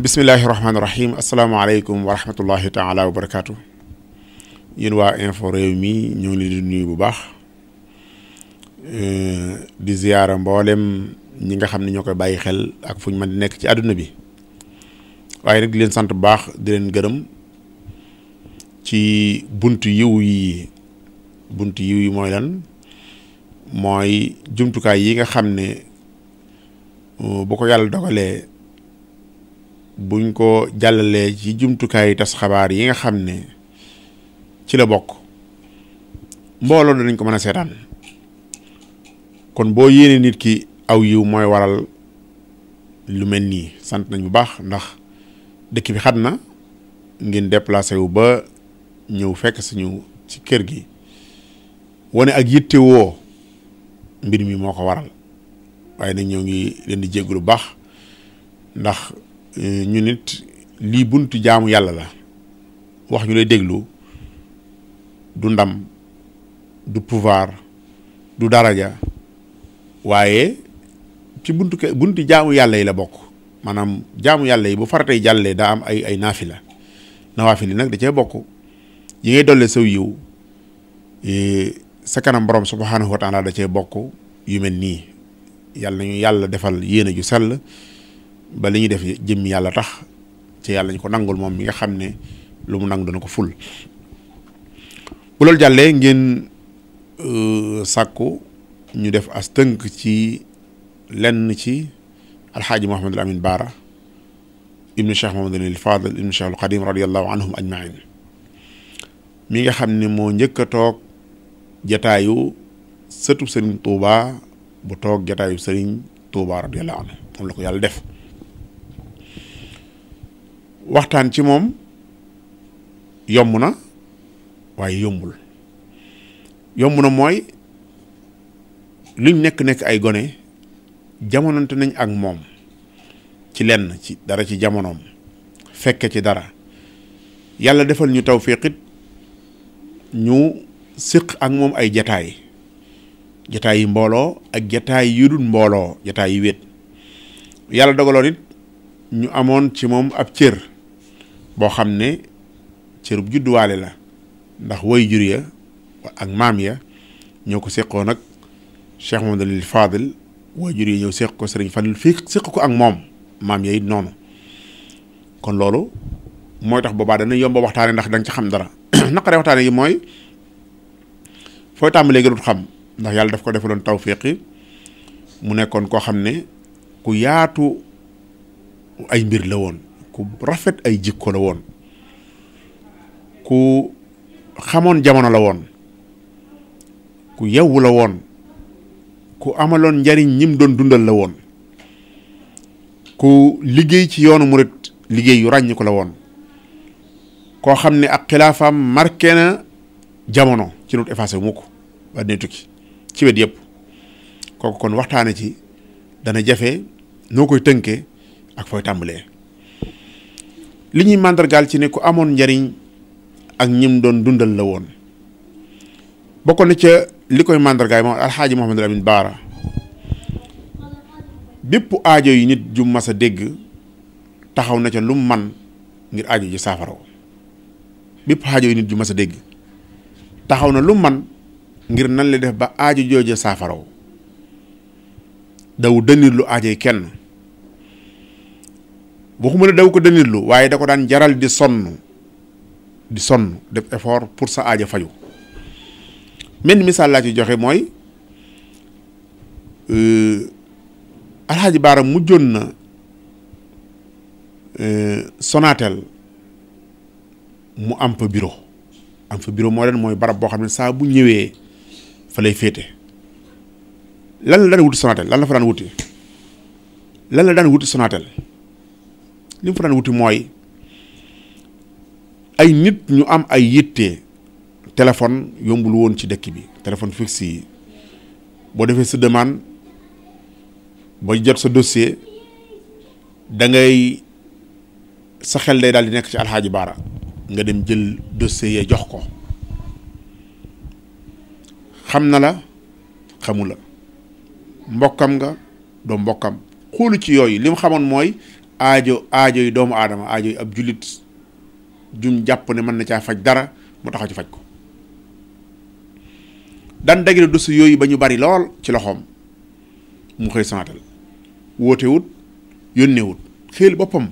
bismillahi rahmaani rahim asalaamaaleykum wa rahmatullahi taala wa barakaatu yéen waa info réew mi ñoo ngi leen di nuyu bu baax di ziyaara mboolem ñi nga xam ne ñoo koy bàyyi xel ak fu ñu mën di nekk ci àdduna bi waaye rek di leen sant bu baax di leen gërëm ci buntu yiw yi buntu yiw yi mooy lan mooy jumtukaay yi nga xam ne bu ko yàlla dogalee. buñ ko jàllalee ci jumtukaay tas xabaar yi nga xam ne ci la bokk mbooloo danañ ko mën a seetaan kon boo yéenee nit ki aw yiw mooy waral lu mel nii sant nañ bu baax ndax dëkk bi xat na ngeen déplacé wu ba ñëw fekk suñu ci kër gi wane ak yitte mbir mi moo ko waral waaye nag ñoo ngi leen di jéggu lu baax ndax Euh, ñu nit lii buntu jaamu yàlla la wax ñu lay déglu du ndam du pouvoir du daraja waaye ci buntu ke buntu jaamu yàlla yi la bokk maanaam jaamu yàlla yi bu faratay jàllee daa am ay ay la nawaafi yi nag da cee bokk yi ngay dolli saw yiw sa kanam borom subhaanahu wa taala da cee bokk yu mel nii yàlla nañu yàlla defal yéene ju sell ba li ñuy def jëmm yàlla tax ci yàlla ñu ko nangul moom mi nga xam ne lu mu nangu dana ko ful bu loolu jàllee ngeen euh, sàkku ñu def as tënk ci lenn ci alxaaji Mouhamadul Amin Baara ibnu Cheikh Mouhamadul Fadil ibnu Cheikh al Xadim radiallahu anhum ajmain mi nga xam ni moo njëkk a toog jataayu sëtub sëriñ Touba bu toog jataayu sëriñ Touba radiallahu anhu moom la ko yàlla def waxtaan ci moom yomb na waaye yombul yomb na mooy luñ nekk-nekk ay gone jamonante nañ ak moom ci lenn ci dara ci jamonoom fekke ci dara yàlla defal ñu taw tawfiqit ñu siq ak moom ay jataay jataay yi mbooloo ak jataay yu dul mbooloo jataay yi wéet yàlla dogaloon ñu amoon ci moom ab cër boo xam ne cërub judduwaale la ndax way jur ya ak maam ya ñoo ko seqoon ak Cheikh Mamadou Fadil way jur ya ñëw seq ko sëriñ Fadil fii seq ko ak moom maam ya it noonu kon loolu mooy tax boobaa dana yomb waxtaane ndax dang ci xam dara naqare waxtaane yi mooy fooy tàmbalee gënut xam ndax yàlla daf ko defaloon yi mu nekkoon koo xam ne ku yaatu ay mbir la woon ku rafet ay jikko la woon ku xamoon jamono la woon ku yewwu la woon ku amaloon njariñ ñim doon dundal la woon ku liggéey ci yoonu murit liggéey yu ràññ ko la woon koo xam ne ak xilaafaam marke na jamono ci nut effacé wu mukk ba ci wet yëpp kooku kon waxtaane ci dana jafe noo koy tënkee ak fooy tàmbalee li ñuy màndargaal ci ne ku amoon njariñ ak ñim doon dundal la woon bokk na ca li koy màndargaay moom alxaaji Mouhamadou Lamine Baara bépp aajo yi nit ju mas a dégg taxaw na ca lu man ngir aajo ji saafara bépp aajo yi nit ju mas a dégg taxaw na lu man ngir nan la def ba aajo jooje saafara daw dënir lu aajo yi kenn boo waxuma ne daw ko danitlu waaye da ko daan jaral di sonn di sonn def effort pour sa aaja faju menn misaal laa ci joxe mooy euh, alxaaji baara mujjoon na euh, Sonatel mu am fa bureau am fa bureau moo leen mooy barab boo xam ne saa bu ñëwee fa lay féete lan la daan wuti Sonatel lan la fa daan wuti lan la daan wuti Sonatel li mu wuti mooy ay nit ñu am ay yitte téléphone yombul woon ci dëkk bi téléphone fixe yi boo defee sa demande ba jot sa dossier dangay sa xel day daal di nekk ci alxaaji baara nga dem jël dossier yee jox ko xam na la xamu la mbokkam nga doo mbokkam xoolu ci yooyu li mu xamoon mooy aajo aajo yi doomu aadama aajo ab jullit jum jàpp ne mën na caa faj dara mu taxaw ci faj ko daan dagale dus yooyu ba ñu bari lool ci loxoom mu xëy sanaatal wootewut yónneewut xel boppam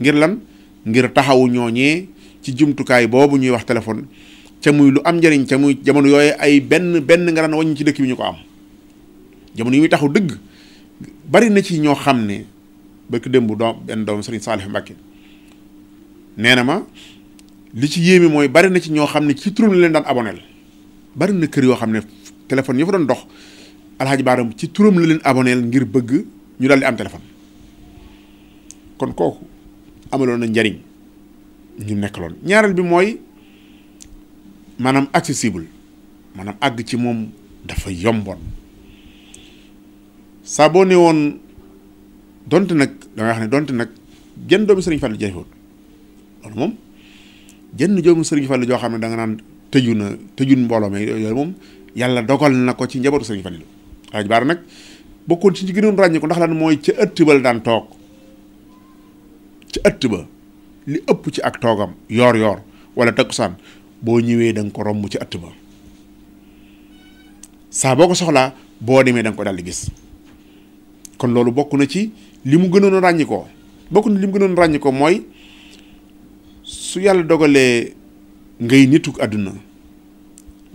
ngir lan ngir taxawu ñooñee ci jumtukaay boobu ñuy wax téléphone ca muy lu am njariñ ca muy jamono yooyu ay benn benn nga daan waññi ci dëkk bi ñu ko am jamono yi muy taxaw dëgg bari na ci ñoo xam ne bëkk démb doom benn doom sëriñ Saalix Mbàkke nee na ma li ci yéeme mooy bari na ci ñoo xam ne ci turam la leen daan aboneel bari na kër yoo xam ne téléphone yoo fa doon dox alxaaji baaram ci turam la leen aboneel ngir bëgg ñu daal am téléphone kon kooku amaloon a njariñ ñu nekkaloon ñaareel bi mooy maanaam accessible maanaam àgg ci moom dafa yomboon saa boo woon donte nag dangay xam ne donte nag jën doomu sëriñ Fallou jafewut loolu moom jënn doomu sëriñ Fallou joo xam ne danga nga naan na tëjun mbooloo mais yooyu moom yàlla dogal na ko ci njabootu sëriñ Fallou Alaaji Baara nag bokkoon ci ci gënoon ràññeeku ndax lan mooy ca ëtt ba la toog ca ëtt ba li ëpp ci ak toogam yoor yoor wala takkusaan boo ñëwee da nga ko ci ëtt ba saa boo ko soxlaa boo demee da ko ko di gis kon loolu bokk na ci li mu gënoon ràññi ko bokk na li mu gënoon ràññi ko mooy su yàlla dogalee ngay nitu àdduna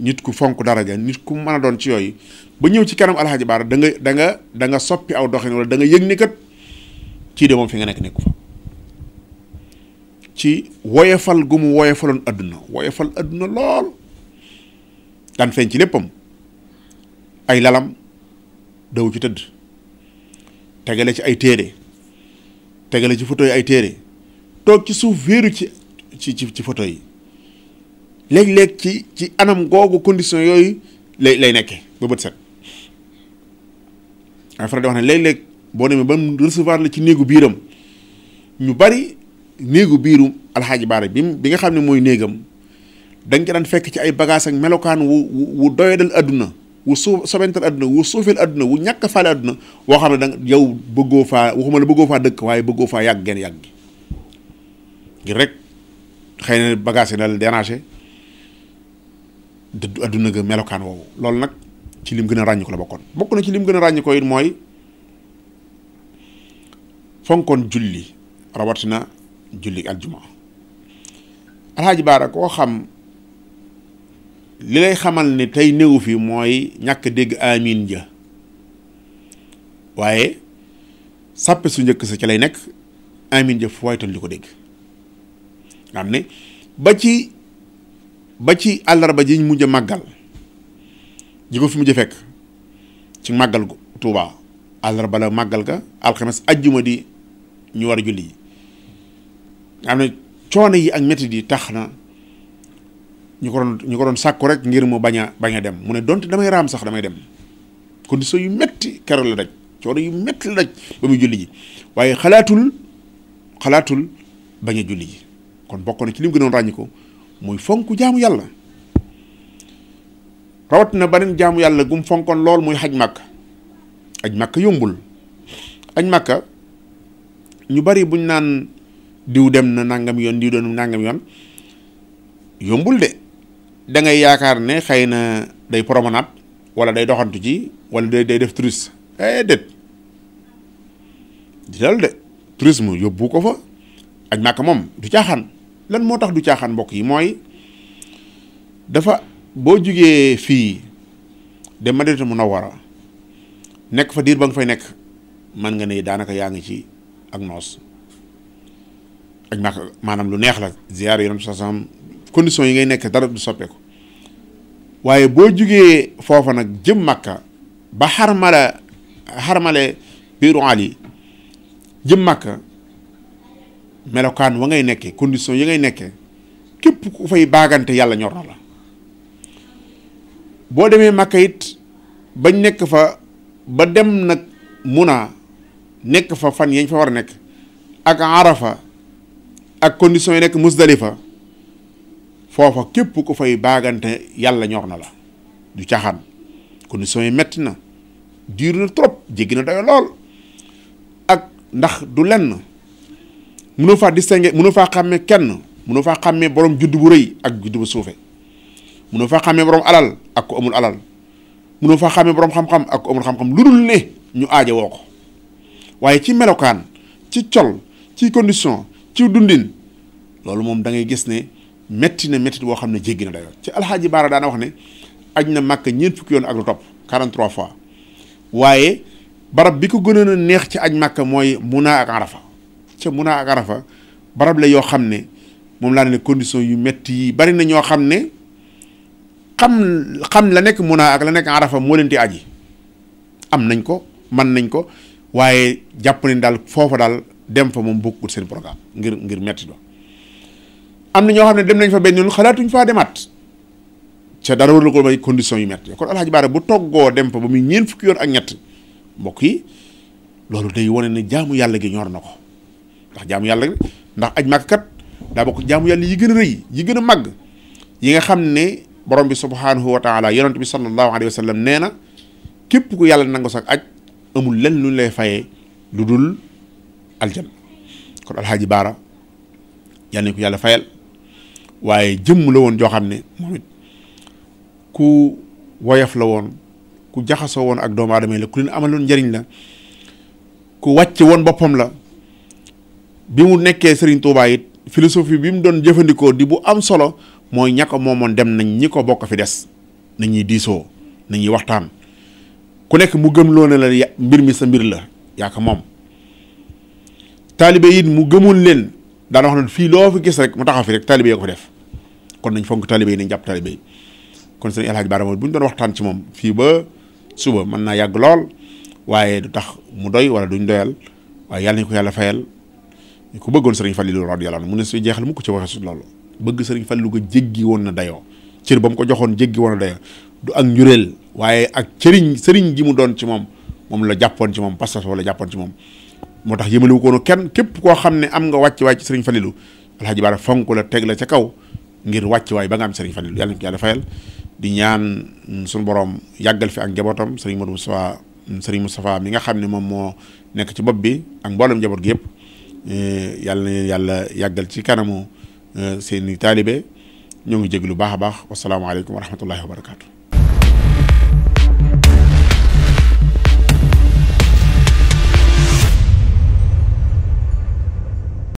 nit ku fonk dara daraja nit ku mën a doon ci yooyu ba ñëw ci kanam alxaaji baara da nga da nga da soppi aw doxin wala da nga yëg ni kat ci de moom fi nga nekk nekku fa ci woyefal gu mu woyefaloon àdduna woyefal àdduna lool daan feeñ ci léppam ay lalam daw ci tëdd tegale ci ay téere tegale ci photo yi ay téere toog ci suuf wéeru ci ci ci photo yi léeg-léeg ci ci anam googu condition yooyu lay lay nekkee ba bët set ay di wax ne léeg-léeg boo demee ba mu recevoir la ci néegu biiram ñu bari néegu biiru alxaaji baara bi bi nga xam ne mooy néegam da nga fekk ci ay bagages ak melokaan wu wu doyadal àdduna wu suuf sobental àdduna wu suufeel àdduna wu ñàkk a faale àdduna woo xam ne danga yow bëggoo faa waxuma bëggoo faa dëkk waaye bëggoo faa yàgg ngeen yàgg gi rek xëy na bagage na la déranger dëddu àdduna ga melokaan woowu loolu nag ci lim gën a ràññi ko la bokkoon bokk na ci lim gën a ràññi ko it mooy fonkoon julli rawatina julli aljuma alxaaji baara koo xam li lay xamal ni tey néewu fi mooy ñàkk dégg amiin ja waaye sàppe su njëkk sa ci lay nekk amiin ja fu waay toll ko dégg nga xam ne ba ci ba ci àllarba ji ñu mujj a màggal ji ko fi mujj fekk ci màggal Tuubaa àllarba la màggal ga alxames ajjuma di ñu war a julli yi nga xam ne coono yi ak métti yi tax na ñu ko doon ñu ko doon rek ngir mu dem mu ne donte damay ram sax damay dem condition yu metti kéro la daj coono yu metti la daj ba muy julli ji waye khalatul khalatul baña julli ji kon bokko na ci lim gënoon ràññi ko muy fonk jaamu yalla rawat na banen jaamu yalla gum fonkon lol muy xaj makka aj makka yombul aj makka ñu bari buñ nan diw dem na nangam yon diw do nangam yon yombul de dangay yaakaar ne xëy na day promenade wala day doxantu ci wala day day def touriste eh déet di dal de tourisme yóbbu ko fa ak naka moom du caaxaan lan moo tax du caaxaan mbokk yi mooy dafa boo jugee fii dem Madinatu Munawwara nekk fa diir ba nga fay nekk man nga ne daanaka yaa ngi ci ak noos ak naka maanaam lu neex la ziyaar Yonent bi conditions yi ngay nekk dara du soppeeku waaye boo jugee foofa nag jëm màkka ba xarmala xarmale biiru ali jëm màkka melokaan wa ngay nekkee condition yi ngay nekkee képp ku fay baagante yàlla ñor la boo demee màkka yit bañ nekk fa ba dem nag muna nekk fa fan yañ fa war a nekk ak arafa ak condition yi nekk musdalifa foofa kep ku fay bagante yalla ñor na la du caaxaan conditions yi metti na diir na trop jegi na dayo lol ak ndax du len mënoo fa distinguer mënoo fa xamé kenn mënoo fa xamé borom judd bu reuy ak judd bu suufe mënoo fa xamé borom alal ak ko amul alal mënoo fa xamé borom xam-xam ak ko amul xam-xam lulul dul ne ñu aaje woko waye ci melokan ci col ci condition ci dundin lolou mom da ngay gis ne métti na métti woo xam ne jéggi na dayoo ci alxaaji baara daana wax ne aj na màkk ñeent fukki yoon ak lu topp 43 fois waaye barab bi ko gënoon a neex ci aj màkk mooy Muna ak Arafa ca Muna ak Arafa barab la yoo xam ne moom laa ne condition yu métti yi bari na ñoo xam ne xam xam la nekk Muna ak la nekk Arafa moo leen di aji am nañ ko man nañ ko waaye jàpp nañ daal foofa daal dem fa moom bokkul seen programme ngir ngir métti do am na ñoo xam ne dem nañ fa benn yoon xalaatuñ faa demaat ca dara war la ko may conditions yu métti kon alxaaji baara bu toggoo dem fa ba muy ñeen fukki yoon ak ñett mbokk yi loolu day wane ne jaamu yàlla gi ñor na ko ndax jaamu yàlla ndax aj màkk kat daa bokk jaamu yàlla yi gën a rëy yi gën a màgg yi nga xam ne borom bi subhaanahu wa taala yonent bi sallallahu alayhi wa sallam nee na képp ku yàlla nangu sax aj amul lenn lu ñu lay fayee lu dul aljanna kon alxaaji baara yàlla nañ waaye jëmm la woon joo xam ne moom it ku woyof la woon ku jaxasoo woon ak doomu aadama yi la ku leen amaloon njariñ la ku wàcc woon boppam la bi mu nekkee Serigne Touba it philosophie bi mu doon jëfandikoo di bu am solo mooy ña ko moomoon dem nañ ñi ko bokk fi des nañuy diisoo nañuy waxtaan ku nekk mu gëm loo ne la mbir mi sa mbir la yaa ko moom taalibe it mu gëmoon leen. daana wax ne fii loo fi gis rek mu taxaw fi rek taalibé ko def kon nañ fonk taalibé yi nañ jàpp taalibé yi kon sëñ El Hadj Baara bu ñu doon waxtaan ci moom fii ba suba mën naa yàgg lool waaye du tax mu doy wala duñ doyal waaye yàlla nañ ko yàlla fayal ñu ko bëggoon sëriñ Fallilou radiyallahu anhu mu ne su jeexal mu ko ci waxee su loolu bëgg sëriñ Fallilou ko jéggi woon na dayoo cër ba mu ko joxoon jéggi woon na dayoo du ak njureel waaye ak cëriñ sëriñ gi mu doon ci moom moom la jàppoon ci moom pastas wala jàppoon ci moom moo tax yëmaliwu koonu kenn képp koo xam ne am nga wàcc-wàcc sëriñ Falilu alxaaji Baara fonk la teg la ca kaw ngir wàcc-waay ba nga am sëriñ Falilu yàlla na ko yàlla fayal di ñaan mm, suñ borom yàggal fi ak njabootam sëriñ Modou Moustapha mm, sëriñ Moustapha mi nga xam ne moom moo nekk ci bopp bi ak mboolem njaboot gi yëpp eh, yàlla yàggal ci kanamu eh, seeni taalibe ñoo ngi jégg lu baax a baax wasalaamaaleykum wa rahmatullahi wa barakaatu.